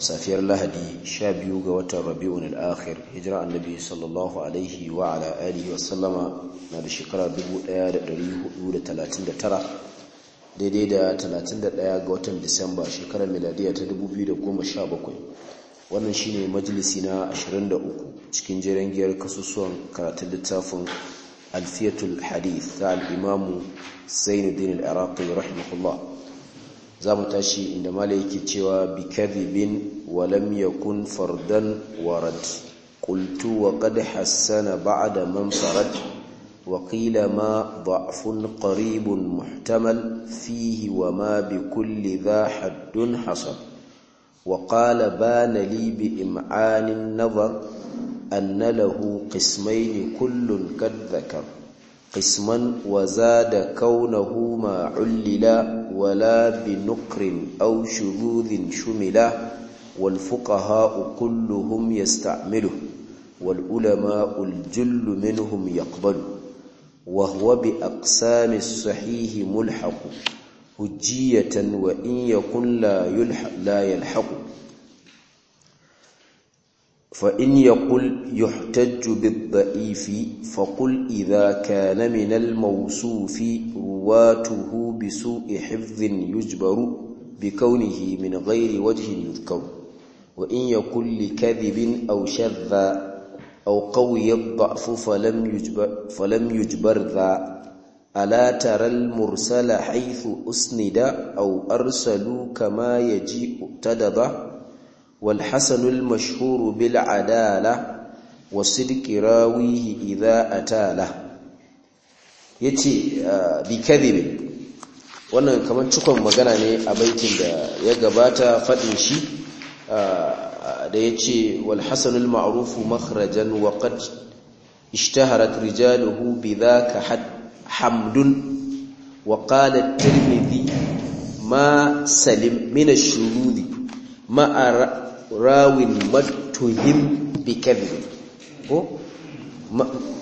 safiyar lahadi sha biyu ga watan rabi'un al-akhir hijira annabi sallallahu alaihi wa ala alihi wa sallama na da shekara 1439 daidai da 31 ga watan disamba shekarar miladiya ta 2017 wannan shine majalisi na 23 cikin jeren giyar kasusuwan karatun littafin alfiyatul hadith ta alimamu imamu zainuddin al rahimahullah za mu tashi inda mala yake cewa bi kadhibin wa lam yakun fardan warad qultu wa qad hassana ba'da man farad wa qila ma dha'fun qaribun muhtamal fihi wa ma bi kulli dha haddun hasab wa qala bana li bi im'anin nadhar anna lahu qismayn kullun kad dhakara قسما وزاد كونه ما علل ولا بنقر أو شذوذ شمل والفقهاء كلهم يستعمله والعلماء الجل منهم يقبل وهو بأقسام الصحيح ملحق هجية وإن يكن لا يلحق, لا يلحق فإن يقل يحتج بالضعيف فقل إذا كان من الموصوف رواته بسوء حفظ يجبر بكونه من غير وجه يذكر وإن يقل لكذب أو شذا أو قوي الضعف فلم يجبر, فلم يجبر ذا ألا ترى المرسل حيث أسند أو أرسلوا كما يجيء تدضى والحسن المشهور بالعدالة وصدق راويه إذا أتاله يتي بكذب wannan kamar cikon magana ne a baitin da ya gabata faɗin shi da ya ce walhassanul ma'arufu makharajan waƙad ishtaharat rijaluhu bi za ka hamdun waƙalar tirmidhi ma salim mina shurudi ma rawin matuhim bi ko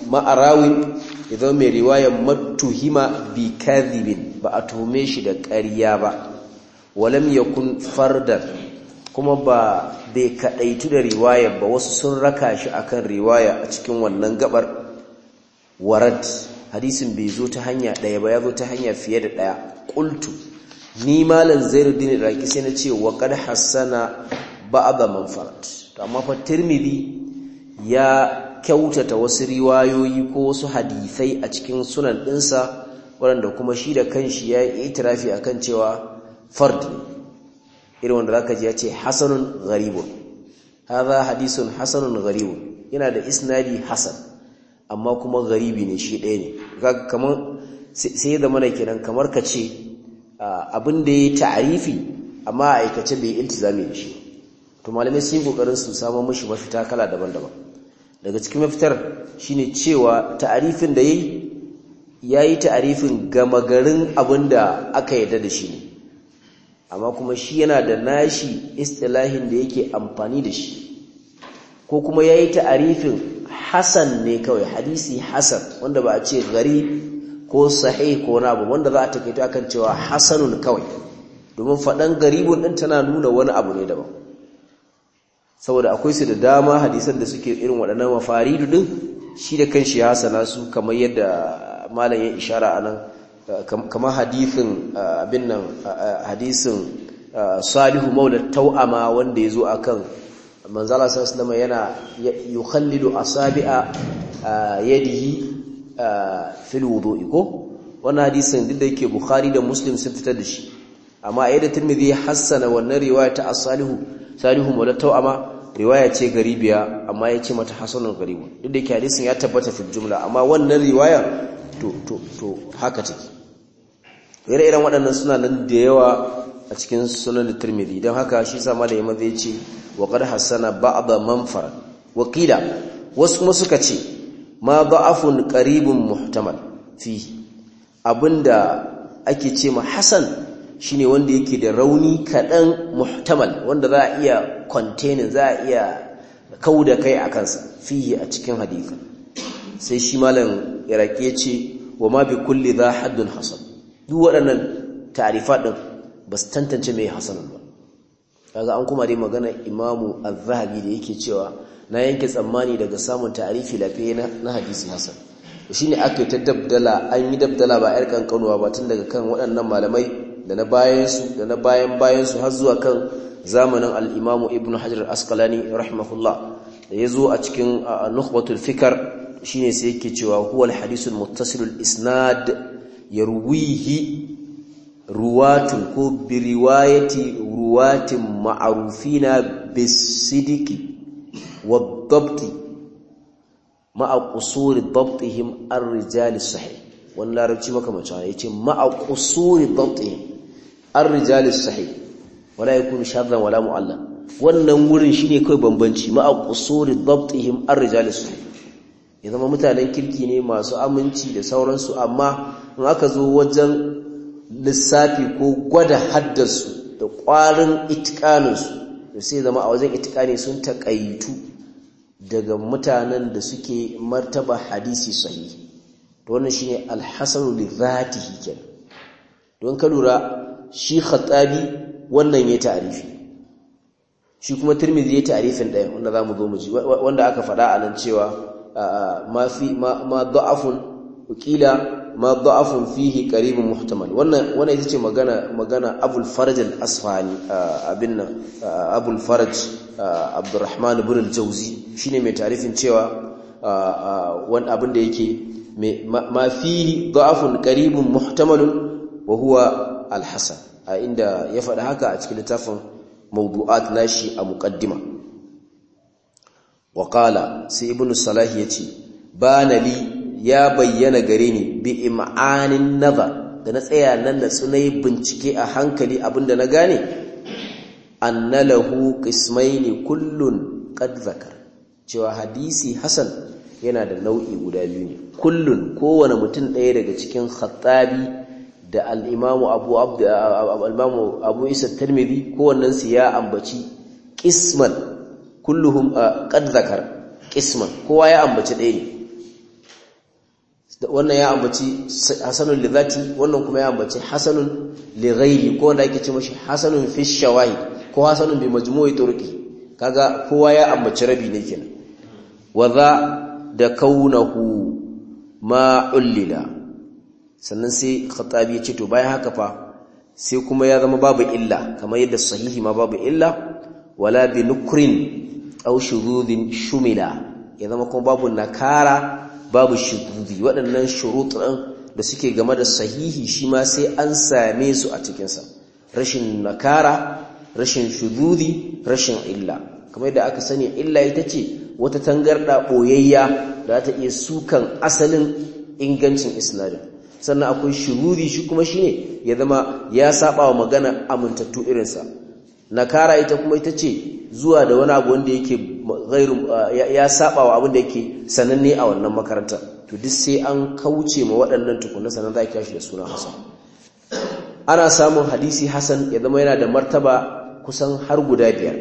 ma'arawin idan mai riwayan matuhima bi ba a tuhume shi da ƙarya ba walam yakun fardar kuma ba bai kadaitu da riwayan ba wasu sun raka shi akan riwaya a cikin wannan gabar warad hadisin bai zo ta hanya daya ba ya zo ta hanya fiye da daya ƙultu ni malan zairuddin raki sai na ce wa qad hassana ba'da manfarat to amma fa tirmidhi ya kyautata wasu riwayoyi ko wasu hadisai a cikin sunan dinsa waɗanda kuma shi da kanshi ya yi itirafi kan cewa fard irin wanda zaka ji ya ce hasanun gharibun hadha hadisun hasanun gharibun yana da isnadi hasan amma kuma gharibi ne shi ɗaya ne kaga kaman sai da mana kenan kamar ka ce abin da ya ta'arifi amma aikace bai iltizami da shi to malamai sun yi kokarin su samu mishi mafita kala daban-daban daga cikin mafitar shine cewa ta'arifin da yayi yayi ta'arifin gama garin abinda aka yarda da shi ne amma kuma shi yana da nashi istilahin da yake amfani da shi ko kuma yayi ta'arifin hasan ne kawai hadisi hasan wanda ba a ce gari ko sahih ko na ba wanda za a takaito akan cewa hasanun kawai domin faɗan garibun ɗin tana nuna wani abu ne daban saboda akwai su da dama hadisan da suke irin waɗannan mafaridu din shi da kanshi ya hasana su kamar yadda malam ya ishara anan kamar hadithin abin nan hadisin salihu maula ma wanda ya yazo akan manzala sallallahu yana yukhallidu asabi'a yadihi fil wudu'i ko wannan hadisin duk da yake bukhari da muslim sun fitar da shi amma ayyada tirmidhi hassana wannan riwaya ta as-salihu salihu maula tau'ama riwaya ce garibiya amma ya ce mata hasanun garibu duk da yake hadisin ya tabbata fi jumla amma wannan riwaya to to to haka take ire iren waɗannan suna nan da yawa a cikin sunan tirmidhi don haka shi sa malai maza ya ce wa qad hasana ba'da man farad wakila wasu kuma suka ce ma da'afun qaribun muhtamal fi abinda ake ce ma hasan Shi ne wanda yake da rauni kaɗan muhtamal wanda za a iya kwantenin, za a iya kau da kai a kansa fiye a cikin haditha sai shi malam irake ce wa ma bi kulle za haddun hasan duk waɗannan tarifa ɗin ba su tantance mai hasanin ba kaga an kuma dai magana imamu al-zahabi da yake cewa na yanke tsammani daga samun tarifi lafiya na hadisi hasan shine aka yi ta dabdala an yi dabdala ba yar kankanuwa ba tun daga kan waɗannan malamai da na bayansu da na bayan bayansu har zuwa kan zamanin al'imamu ibn hajar askalani rahimahullah da ya zo a cikin nukbatul fikar shi ne sai yake cewa huwal hadisun muttasilul isnad ya ruwihi ruwatun ko biriwayati ruwatin ma'arufina bisidiki wa dabti ma'a kusuri dabtihim an rijali sahih wani larabci makamacin ya ce ma'a kusuri dabtihim الرجال الصحيح ولا wala شاذا ولا wala wannan wurin shine kai bambanci ma aqsuri dabtihim ar-rijalis ya zama mutanen kirki ne masu aminci da sauransu amma in aka zo wajen lissafi ko gwada haddarsu da ƙwarin itikaninsu to sai zama a wajen itikani sun taƙaitu daga mutanen da suke martaba hadisi sahihi to wannan shine alhasanu li zatihi kenan don ka lura shi khattabi wannan ya ta'arifi shi kuma tirmidhi ya ta'arifin ɗaya wanda za mu zo mu ji wanda aka faɗa a nan cewa ma fi ma da'afun qila ma da'afun fihi karibin muhtamal wannan wannan ita ce magana magana Abul Faraj al-Asfahani abin nan Abul Faraj Abdurrahman ibn al-Jawzi shine mai ta'arifin cewa wani abin da yake ma fihi da'afun qaribun muhtamal wa huwa al-hasan a inda ya faɗi haka a cikin littafin mawdu'at nashi a muqaddima wa qala sai ibnu salah yace bana li ya bayyana gare ni bi im'anin nazar da na tsaya nan da tsunai bincike a hankali abinda na gane annalahu lahu qismaini kullun qad zakar cewa hadisi hasan yana da nau'i guda biyu ne kullun kowane mutum ɗaya daga cikin khattabi da al'imamu abu abu isa kowannan kowannensu ya ambaci kisman kulluhun a ƙadzakar kisman. kowa ya ambaci ɗaya ne wannan ya ambaci hasanun lizati wannan kuma ya ambaci hasanun lighairi ko wanda ake ce mashi hasanun fishawai ko hasanun bi majmu'i turki kaga kowa ya ambaci rabi ne kenan wa za da kaunahu ma'ullila sannan sai khattabi ya ce to bayan haka fa sai kuma ya zama babu illa kamar yadda sahihi ma babu illa wala bi nukrin aw shurudin shumila ya zama kuma babu nakara babu shurudi waɗannan shurutan da suke game da sahihi shi ma sai an same su a cikinsa rashin nakara rashin shududi rashin illa kamar yadda aka sani illa ita ce wata tangarda boyayya da ta iya sukan asalin ingancin isnadin sannan akwai shiruri shi kuma shi ne. ya zama ya saba wa magana amintattu irinsa nakara ita kuma ita ce zuwa da wani abu wanda yake ya saba wa abin da yake sananne a wannan makaranta to duk sai an kauce ma waɗannan tukunan sannan za a shi da suna hasan ana samun hadisi hasan ya zama yana da martaba kusan har guda biyar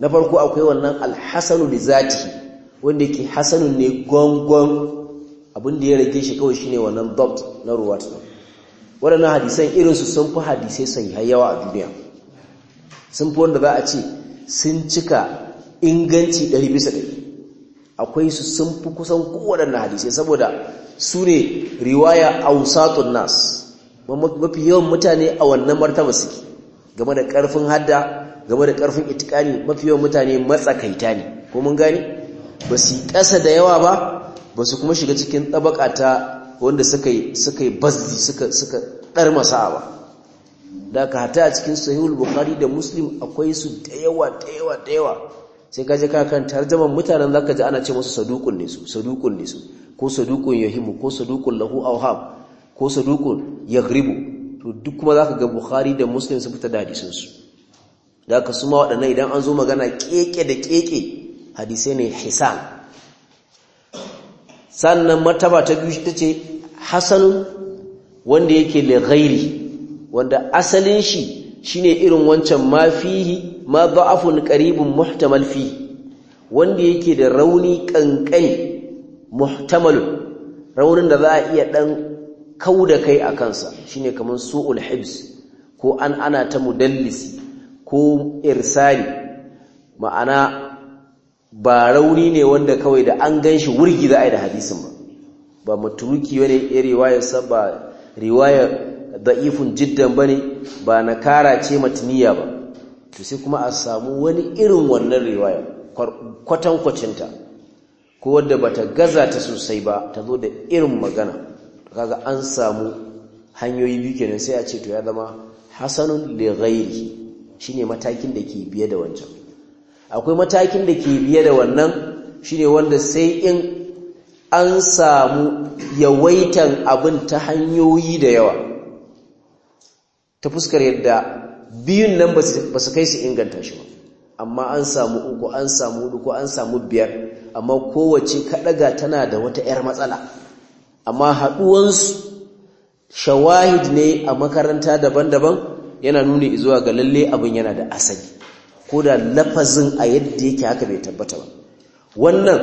na farko akwai wannan alhasanu li zati wanda yake hasanun ne gongon abin da ya rage shi kawai shine wannan dabt na ruwa waɗannan hadisan irinsu sun fi hadisai sahihai yawa a duniya sun fi wanda za a ce sun cika inganci 100 akwai su sun fi kusan kowaɗannan hadisai saboda su ne riwaya wusatun nas mafi yawan mutane a wannan martaba suke game da ƙarfin hadda game da ƙarfin itikani mafi yawan mutane matsakaita ne ko mun gane ba su yi ƙasa da yawa ba ba su kuma shiga cikin ɗabaƙa ta wanda suka yi suka yi bazzi suka suka ba da ka hata a cikin sahihul bukhari da muslim akwai su da yawa da yawa da yawa sai ka je ka kan tarjaman mutanen zaka ji ana ce musu sadukun ne su sadukun ne su ko saduƙun yahimu ko sadukun lahu awham ko saduƙun yaghribu to duk kuma zaka ga bukhari da muslim su fita da hadisin su da ka suma waɗannan idan an zo magana keke da keke hadisai ne hisan sannan martaba ta biyu ita ce hasanun wanda yake li ghairi wanda asalin shi shine irin wancan ma fihi ma da'afun qaribun muhtamal fi wanda yake da rauni kankani muhtamal raunin da za a iya dan da kai a kansa shine kamar su'ul hibs ko an ana ta mudallisi ko irsali ma'ana ba rauni ne wanda kawai da an gan shi wurgi za a yi da hadisin ba ba maturuki wani ya saba riwaya da'ifun jiddan ba ne ba na kara ce matiniya ba to sai kuma a samu wani irin wannan riwaya kwatankwacinta ko wadda ba ta gaza ta sosai ba ta zo da irin magana kaga an samu hanyoyi biyu kenan sai a ce to ya zama hasanun li shi shine matakin da ke biye da wancan akwai matakin da ke biye da wannan shine wanda sai in an samu yawaitan abin ta hanyoyi da yawa ta fuskar yadda biyun nan ba su kai su inganta shi ba amma an samu uku an samu hudu ko an samu biyar amma kowace kaɗaga tana da wata 'yar matsala amma haɗuwansu shawahid ne a makaranta daban-daban yana nuni zuwa ga lalle abin yana da asali ko da lafazin a yadda yake haka bai tabbata ba wannan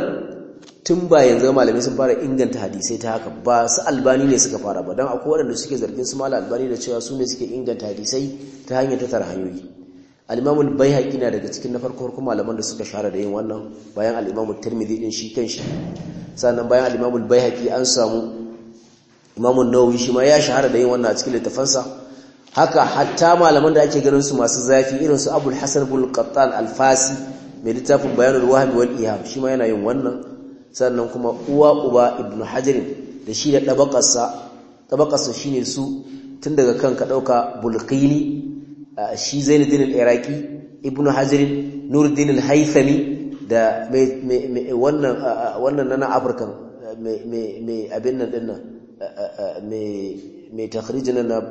tun ba yanzu malamai sun fara inganta hadisai ta haka ba su albani ne suka fara ba don akwai waɗanda suke zargin su mala albani da cewa su ne suke inganta hadisai ta hanyar tara hanyoyi al'imamul bai haƙi na daga cikin na farko farko malaman da suka shahara da yin wannan bayan al'imamul tirmidhi din shi kan shi sannan bayan al'imamul bai haƙi an samu imamun nawawi shi ma ya shahara da yin wannan a cikin littafansa haka hatta malaman da ake ganin su masu zafi irin su Abul Hasan bin Qattan Al-Fasi mai littafin Bayanul Wahmi wal Iham shi ma yana yin wannan sannan kuma uwa uba Ibn Hajar da shi da tabaqarsa tabaqarsa shine su tun daga kan ka dauka Bulqini shi Zainuddin al-Iraqi Ibn Hajar Nuruddin al-Haythami da mai wannan wannan na Afirka mai abin nan dinnan mai takhrijin na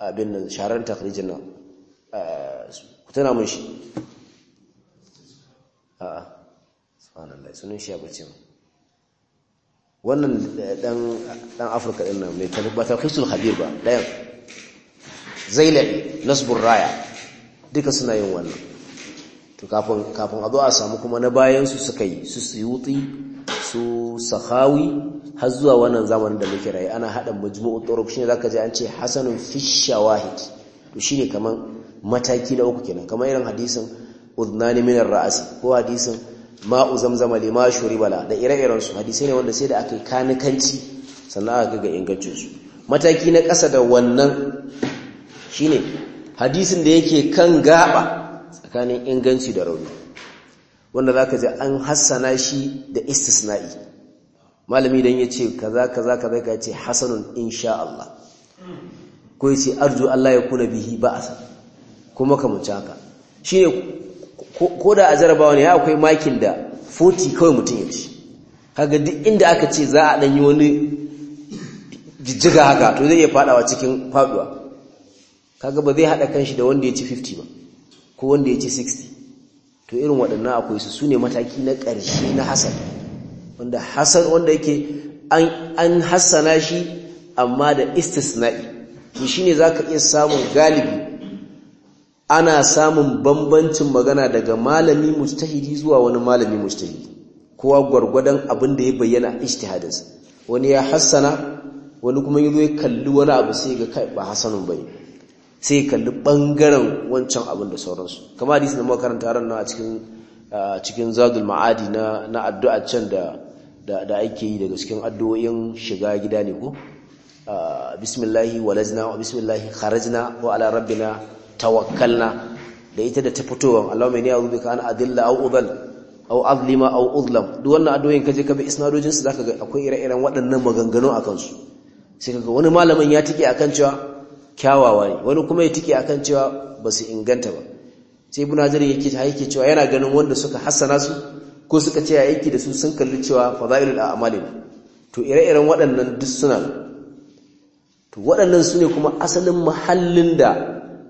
abin nan sharan na nan eh, tana mun shi a'a ah, ah. subhanallah sunan shi abu wannan dan afirka din nan mai ta tarhisul khabir ba dayan zailal nasbur raya duka suna yin wannan to kafin a zo a samu kuma na bayan su suka yi su wuti su sahawi har zuwa wannan zamanin da muke rayu ana hada majmu'u turuq shine zaka ji an ce hasanun fi shawahid to shine kaman mataki da uku kenan kamar irin hadisin udnani min ar ras ko hadisin uzamzama li ma shuribala da ire-iren su hadisi ne wanda sai da aka yi kanikanci sannan aka ga ingancin su mataki na ƙasa da wannan shine hadisin da yake kan gaba tsakanin inganci da rauni wanda zaka ji an hassana shi da istisna'i malami dan yace kaza kaza kaza ka ce hasanun insha Allah ko yace arju Allah ya kuna bihi ba'sa kuma kamar haka shine ko da a jarabawa ne ya akwai makin da 40 kawai mutum ya ci kaga duk inda aka ce za a danyi wani jijjiga haka to zai iya fadawa cikin faduwa kaga ba zai hada kanshi da wanda ya ci 50 ba ko wanda ya ci 60 to irin waɗannan akwai su su mataki na ƙarshe na hasan wanda hasan wanda yake an hassana shi amma da istisna'i to za ka iya samun galibi ana samun bambancin magana daga malami mujtahidi zuwa wani malami mustahidi kowa gwargwadon abin da ya bayyana ijtihadinsa wani ya hassana wani kuma yazo ya kalli wani abu sai ga kai ba hasanun bane sai kalli bangaren wancan abin da sauransu Kama hadisi da makaranta ran na cikin zadul ma'adi na addu'a can da da ake yi daga cikin addu'o'in shiga gida ne ko bismillahi walajna wa bismillahi kharajna wa ala rabbina tawakkalna da ita da ta fitowa Allahumma inni a'udhu bika an adilla aw udhal au azlima au uzlam duk wannan addu'o'in kaje ka bi isnadojin su zaka ga akwai ire-iren waɗannan maganganu akan su sai kaga wani malamin ya tike akan cewa kyawawa ne wani kuma ya tike akan cewa ba su inganta ba sai ibn hajar yake ta yake cewa yana ganin wanda suka hasana su ko suka ce aiki da su sun kalli cewa fadailul a'mal to ire-iren waɗannan duk suna to waɗannan sune kuma asalin mahallin da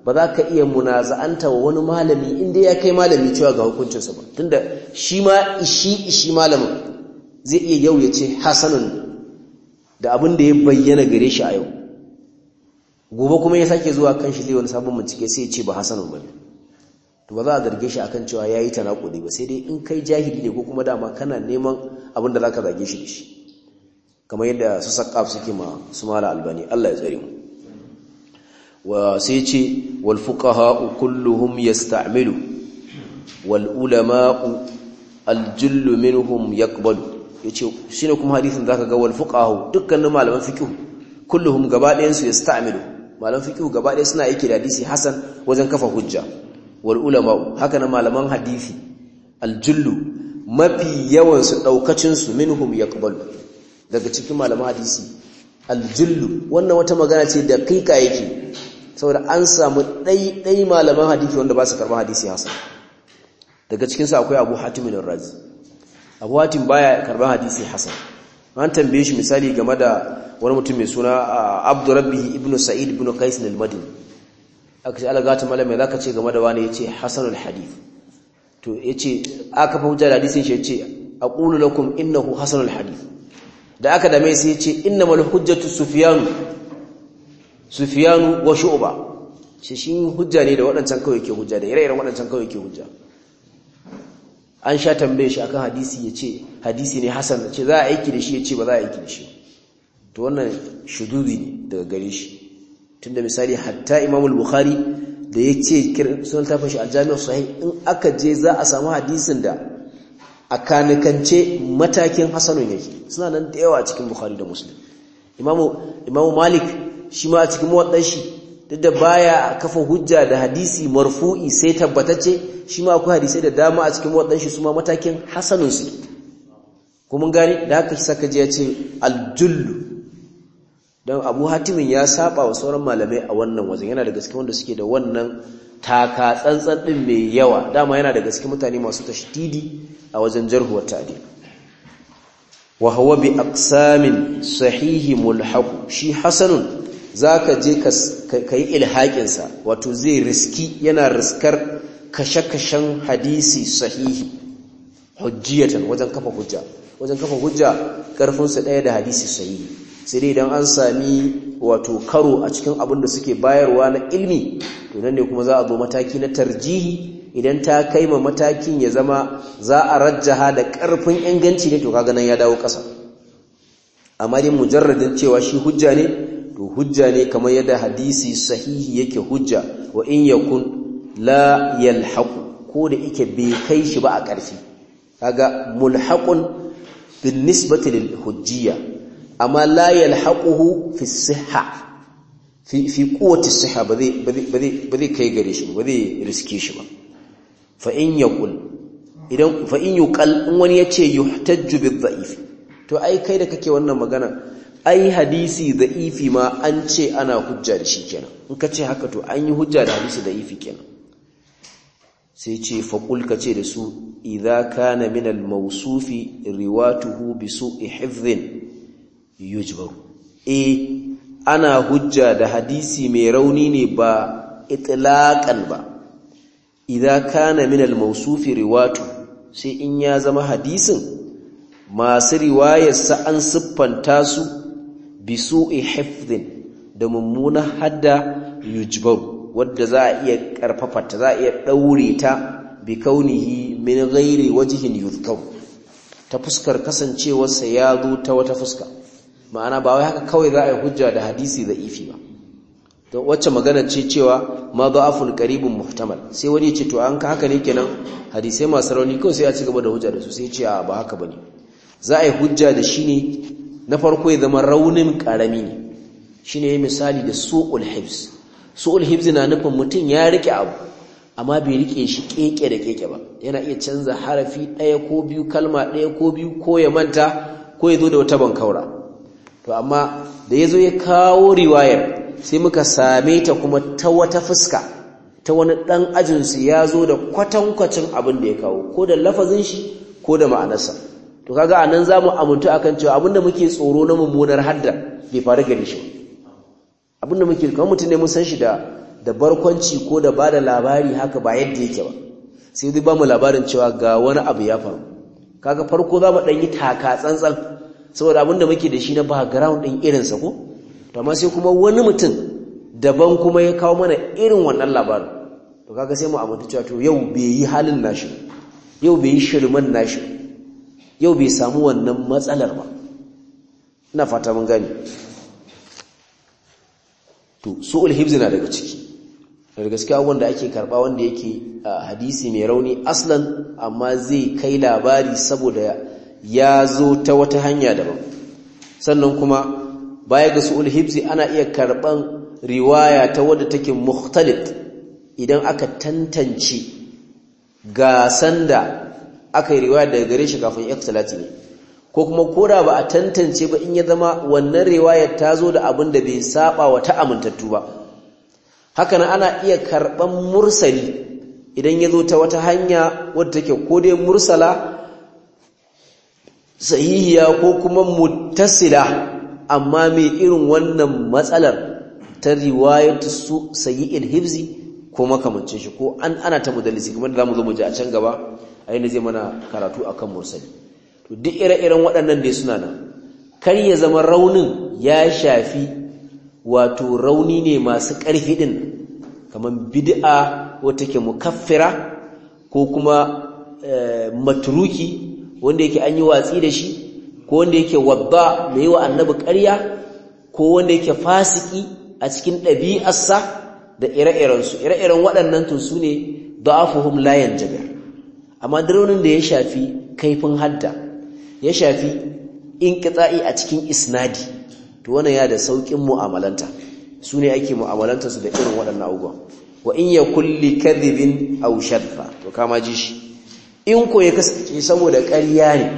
ba za ka iya munaza'anta wa wani malami inda ya kai malami cewa ga hukuncinsa ba tunda shi ma ishi ishi malamin zai iya yau ya ce hasanun da abin da ya bayyana gare shi a yau gobe kuma ya sake zuwa kan shi zai wani sabon bincike sai ya ce ba hasanun ne to ba za a zarge shi akan cewa ya yayi tanakudi ba sai dai in kai jahili ne ko kuma dama kana neman abin da za ka zage shi da shi kamar yadda su saƙaf suke ma su mala albani Allah ya tsare mu wa sai ce wal fuqaha kulluhum yasta'milu wal ulama al jullu minhum yaqbalu yace shine kuma hadisin zaka ga wal fuqahu dukkanin malaman fiqh kulluhum ɗayan su yasta'milu malam fiqh gaba ɗaya suna aiki da hadisi hasan wajen kafa hujja wal ulama haka na malaman hadisi al jullu mafi yawan su daukacin su minhum yaqbal daga cikin malaman hadisi al jullu wannan wata magana ce da kika yake saboda an samu ɗaiɗai malaman hadisi wanda ba su karɓar hadisi hasan daga cikinsu akwai abu al razi abu hatim baya karɓar hadisi hasan an tambaye shi misali game da wani mutum mai suna abdurrabbihi ibnu sa'id ibnu qais al-madini aka ce alagata mai zaka ce game da wani yace hasanul hadith to yace aka fa hujja da hadisin shi yace aqulu lakum innahu hasanul hadith da aka dame sai yace innamal hujjatu sufyan sufyan wa shu'ba shi shin hujja ne da wadancan kawai ke hujja da ire-iren wadancan kawai ke hujja an sha tambaye shi akan hadisi ya ce hadisi ne hasan ce za a aiki da shi ya ce ba za a aiki da shi to wannan shududi ne daga gare shi tunda misali hatta imam al-bukhari da ya ce sunan tafin shi al-jami' sahih in aka je za a samu hadisin da a kanikance matakin hasanun yake suna nan da yawa cikin bukhari da muslim imam malik shi ma a cikin muwaddan duk da baya kafa hujja da hadisi marfu'i sai tabbatacce shi ma akwai hadisai da dama a cikin waɗanshi su ma matakin hasanun su kuma gani da haka shi saka ji ya ce aljullu don abu hatimin ya saba wa sauran malamai a wannan wajen yana da gaske wanda suke da wannan taka tsantsan ɗin mai yawa dama yana da gaske mutane masu tashdidi a wajen jarhu wa ta'dil wa huwa bi aqsamin sahihi mulhaq shi hasanun za ka je ka yi ilhaƙinsa wato zai riski yana riskar kashe-kashen hadisi sahihi hujjiyatan wajen kafa hujja wajen kafa hujja ƙarfinsa ɗaya da hadisi sahihi sai dai idan an sami wato karo a cikin abin da suke bayarwa na ilmi to nan ne kuma za a zo mataki na tarjihi idan ta kai ma matakin ya zama za a rajjaha da ƙarfin inganci ne to kaga nan ya dawo ƙasa amma dai mujarradin cewa shi hujja ne to hujja ne kamar yadda hadisi sahihi yake hujja wa in yakun la yalhaqu ko da yake bai kai shi ba a ƙarfi kaga mulhaqun bin nisbati lil hujjiyya amma la yalhaquhu fi sihha fi fi quwwati sihha ba zai ba zai kai gare shi ba zai riske shi ba fa in yaqul idan fa in yuqal in wani yace yuhtajju bid da'if to ai kai da kake wannan magana ai hadisi da ifi ma an ce ana hujja da shi kenan in ka ce haka to an yi hujja da hadisi da ifi kenan sai ce faƙul ka ce da su idza kana min al-mawsufi riwatuhu bi su'i hifdhin yujbaru eh ana hujja da hadisi mai rauni ne ba itlaqan ba idza kana min al-mawsufi riwatu sai in ya zama hadisin masu riwayarsa an siffanta su e hifdhin da mummunan hada yu'jibau wadda za a iya karfafa ta za a iya ɗaure ta bi kaunihi min gairi wajihin yuzkar ta fuskar kasancewarsa ya zo ta wata fuska ma'ana ba wai haka kawai za a yi hujja da hadisi da ifi ba don wacce magana ce cewa ma fun karibin muhtamal sai wani ya ce to an ka haka ne kenan hadisai masu rauni kawai sai a ci gaba da hujja da su sai ce a ba haka ba ne za a yi hujja da shi ne na farko ya zama raunin karami ne Shi shine misali da su'ul hibs su'ul hibs na nufin mutum ya rike abu amma bai rike shi keke da keke ba yana iya canza harafi ɗaya ko biyu kalma ɗaya ko biyu ko ya manta ko ya zo da wata bankaura to amma da ya zo ya kawo riwayar sai muka same ta kuma ta wata fuska ta wani ɗan ajinsu ya zo da kwatankwacin abin da ya kawo ko da lafazin shi ko da ma'anarsa to kaga anan zamu amuntu akan cewa abinda muke tsoro na mummunar hadda bai faru gare shi abinda muke kamar mutum ne mun san shi da da barkwanci ko da ba da labari haka ba yadda yake ba sai dai ba mu labarin cewa ga wani abu ya faru kaga farko za mu dan yi taka tsantsan saboda abinda muke da shi na background din irin sa ko to amma sai kuma wani mutum daban kuma ya kawo mana irin wannan labarin to kaga sai mu amintu cewa to yau bai yi halin nashi yau bai yi shirman nashi yau bai samu wannan matsalar ba ina fata mun gani to su'ul hibzi na daga ciki da gaskiya wanda ake karba wanda yake hadisi mai rauni aslan amma zai kai labari saboda ya zo ta wata hanya daban sannan kuma baya ga su'ul hibzi ana iya karban riwaya ta wadda take mukhtalif idan aka tantance ga sanda aka yi riwaya daga gare shi kafin ikhtilati ne ko kuma koda ba a tantance ba in ya zama wannan riwayar ta zo da abin da bai saba wa ta amintattu ba haka nan ana iya karban mursali idan ya zo ta wata hanya wadda take ko dai mursala sahihiya ko kuma muttasila amma mai irin wannan matsalar ta ta su sayi'il hibzi ko makamancin shi ko an ana ta mudallisi kamar da zamu zo mu ji a can gaba aina zai mana karatu akan mursali to duk ire-iren waɗannan da suna nan kar ya zama raunin ya shafi wato rauni ne masu ƙarfi ɗin kamar bid'a wata ke mukaffira ko kuma eh, maturuki wanda yake an yi watsi da shi ko wanda yake wabba mai yi wa annabi ƙarya ko wanda yake fasiki a cikin ɗabi'arsa da ire-irensu ire-iren waɗannan tun su ne fuhum layan jagar amma raunin da ya shafi kaifin hadda ya shafi inqita'i a cikin isnadi to wannan ya da saukin mu'amalanta su ne ake mu'amalanta su da irin waɗannan abubuwan wa in ya kulli kadhibin aw shadda to kama ji shi in ko ya kasance saboda ƙarya ne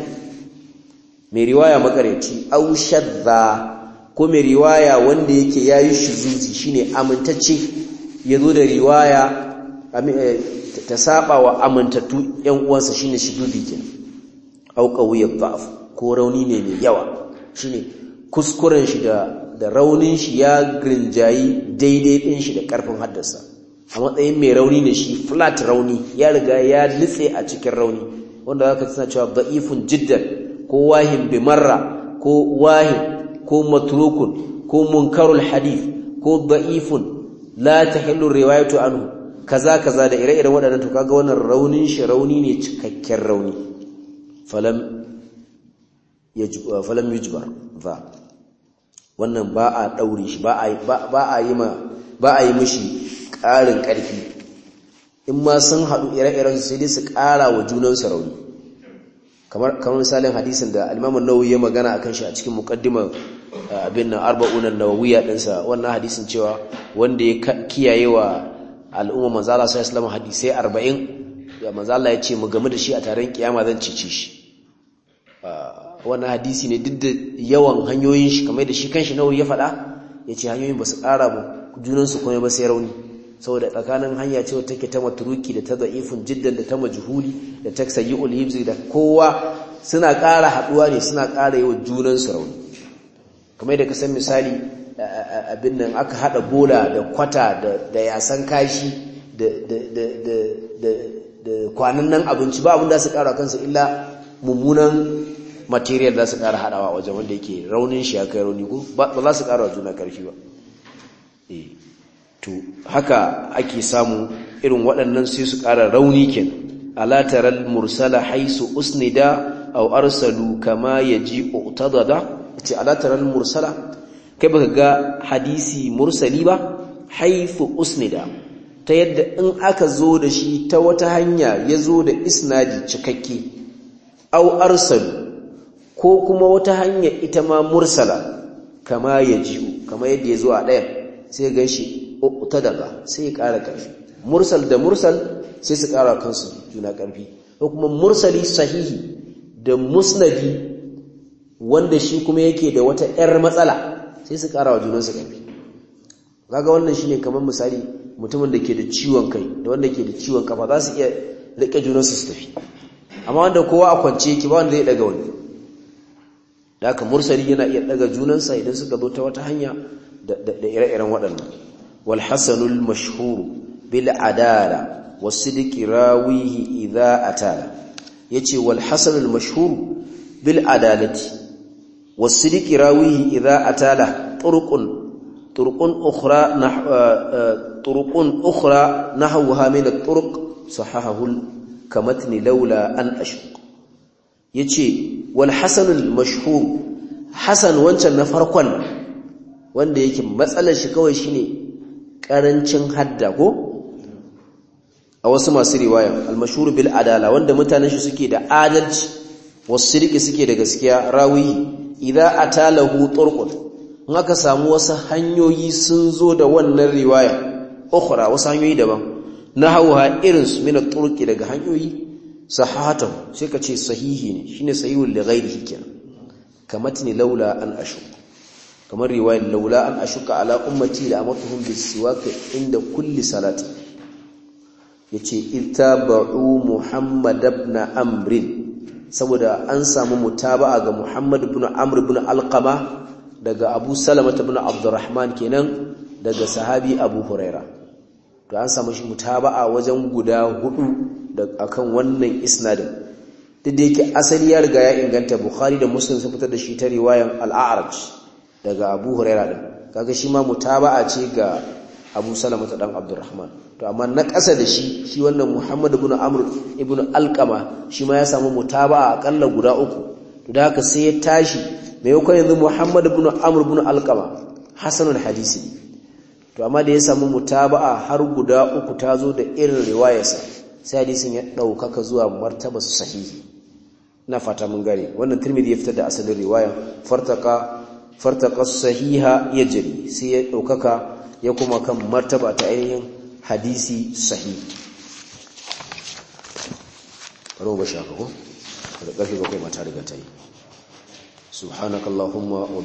mai riwaya makareci aw shadda ko mai riwaya wanda yake yayi shuzuzi shine amintacce yazo da riwaya eh, ta saba wa amintattu yan uwansa shine shududi ke au qawiy ko rauni ne mai yawa shine kuskuren shi da da raunin shi ya grinjayi daidai din shi da karfin haddarsa a matsayin mai rauni ne shi flat rauni ya riga ya litse a cikin rauni wanda zaka tsina cewa da'ifun jiddan ko wahin bimarra ko wahin ko matrukun ko munkarul hadith ko da'ifun la tahillu riwayatu anhu kaza kaza da ire-iren waɗannan to kaga wannan raunin shi rauni ne cikakken rauni falam yajba uh, falam yujbar ba. wannan ba a daure shi ba a ba a yi ma ba a yi mishi ƙarin ƙarfi in ma sun haɗu ire-iren su sai su ƙara wa junan su rauni kamar kamar misalin hadisin da al-Imam an-Nawawi ya magana akan shi a cikin muqaddimar uh, abin nan arba'un an ya dinsa wannan hadisin cewa wanda ya kiyaye wa al'umma manzala sai islamu hadisai arba'in da manzala ya ce mu game da shi a taron kiyama zan cece shi ah, wannan hadisi ne duk da yawan hanyoyin shi kamar da shi kanshi nawawi ya faɗa ya ce hanyoyin ba su kara ba junansu kuma ba sai rauni saboda tsakanin hanya ce wata take ta maturuki da ta da'ifun jiddan da ta majhuli da ta sayyi'ul hibzi da kowa suna kara haɗuwa ne suna kara yawan junansu rauni kamar da ka san misali abin nan aka hada bola da kwata da yasan kashi da kwanan nan abinci ba abin da su kara kansu illa mummunan material za su kara hadawa wajen wanda yake raunin shi ya kai rauni ko ba za su kara juna karfi ba eh, to haka ake samu irin waɗannan sai su kara rauni ke ala mursala haisu usnida aw arsalu kama ya yaji utadada ce a mursala kai baka ga hadisi mursali ba haifu usnida ta yadda in aka zo da shi ta wata hanya ya zo da isnadi cikakke au arsalu ko kuma wata hanya ita ma mursala kama ya ji'u kama yadda ya zo a ɗaya sai gan shi ta daga sai ya ƙara ƙarfi mursal da mursal sai su ƙara kansu juna ƙarfi ko kuma mursali sahihi da musnadi wanda shi kuma yake da wata ‘yar matsala sai su ƙara wa junansu ƙarfi kaga wannan shine kamar misali mutumin da ke da ciwon kai da wanda ke da ciwon kafa za su iya riƙe junansu su tafi amma wanda kowa a kwance yake ba wanda zai daga wani da haka mursali yana iya daga junansa idan suka zo ta wata hanya da ire-iren waɗannan walhassanul hasanul mashhur bil adala wasidiki rawihi idza atala yace wal walhassanul mashuru bil adalati والصديق راويه إذا أتاله طرق طرق أخرى نحو طرق أخرى نحوها من الطرق صححه كمتن لولا أن أشق يجي والحسن المشهور حسن wancan na farkon wanda yake matsalar shi kawai shine karancin hadda ko a wasu masu riwaya al-mashhur bil adala wanda mutanen shi suke da adalci wasu sirki suke da gaskiya rawiyi idza atalahu turqun in aka samu wasu hanyoyi sun zo da wannan riwaya ukhra wasu hanyoyi daban hauha irin su min turqi daga hanyoyi sahahatahu sai ka ce sahihi ne shine sahihul li ghairihi kenan kamatni laula an ashuk kamar riwayar laula an ashuka ala ummati da amatuhum bisiwaka inda kulli salati yace ittaba'u muhammad ibn amrin saboda an samu mutaba'a ga Muhammad ibn Amr ibn Alqama daga Abu Salama ibn Abdurrahman kenan daga sahabi Abu Huraira to an samu shi mutaba'a wajen guda hudu akan wannan isnadin duk da yake asali ya riga ya inganta Bukhari da Muslim sun fitar da shi ta riwayan Al-A'raj daga Abu Huraira din kaga shi ma mutaba'a ce ga Abu Salama dan Abdurrahman to amma na ƙasa da shi shi wannan Muhammad ibn Amr ibn Alqama shi ma ya samu mutaba ƙalla guda uku to da haka sai ya tashi mai maimakon yanzu Muhammad ibn Amr ibn Alqama hasanul hadisi to amma da ya samu mutaba'a har guda uku ta zo da irin riwayarsa sai hadisin ya ɗaukaka zuwa martaba sahihi na fata mun gane wannan Tirmidhi ya fitar da asalin riwaya fartaka fartaka sahiha yajri sai ya ɗaukaka ya kuma kan martaba ta ainihin hadisi sahihi karo ba shakako da ƙarfi ba kai mata riga ta yi subhanaka allahumma wa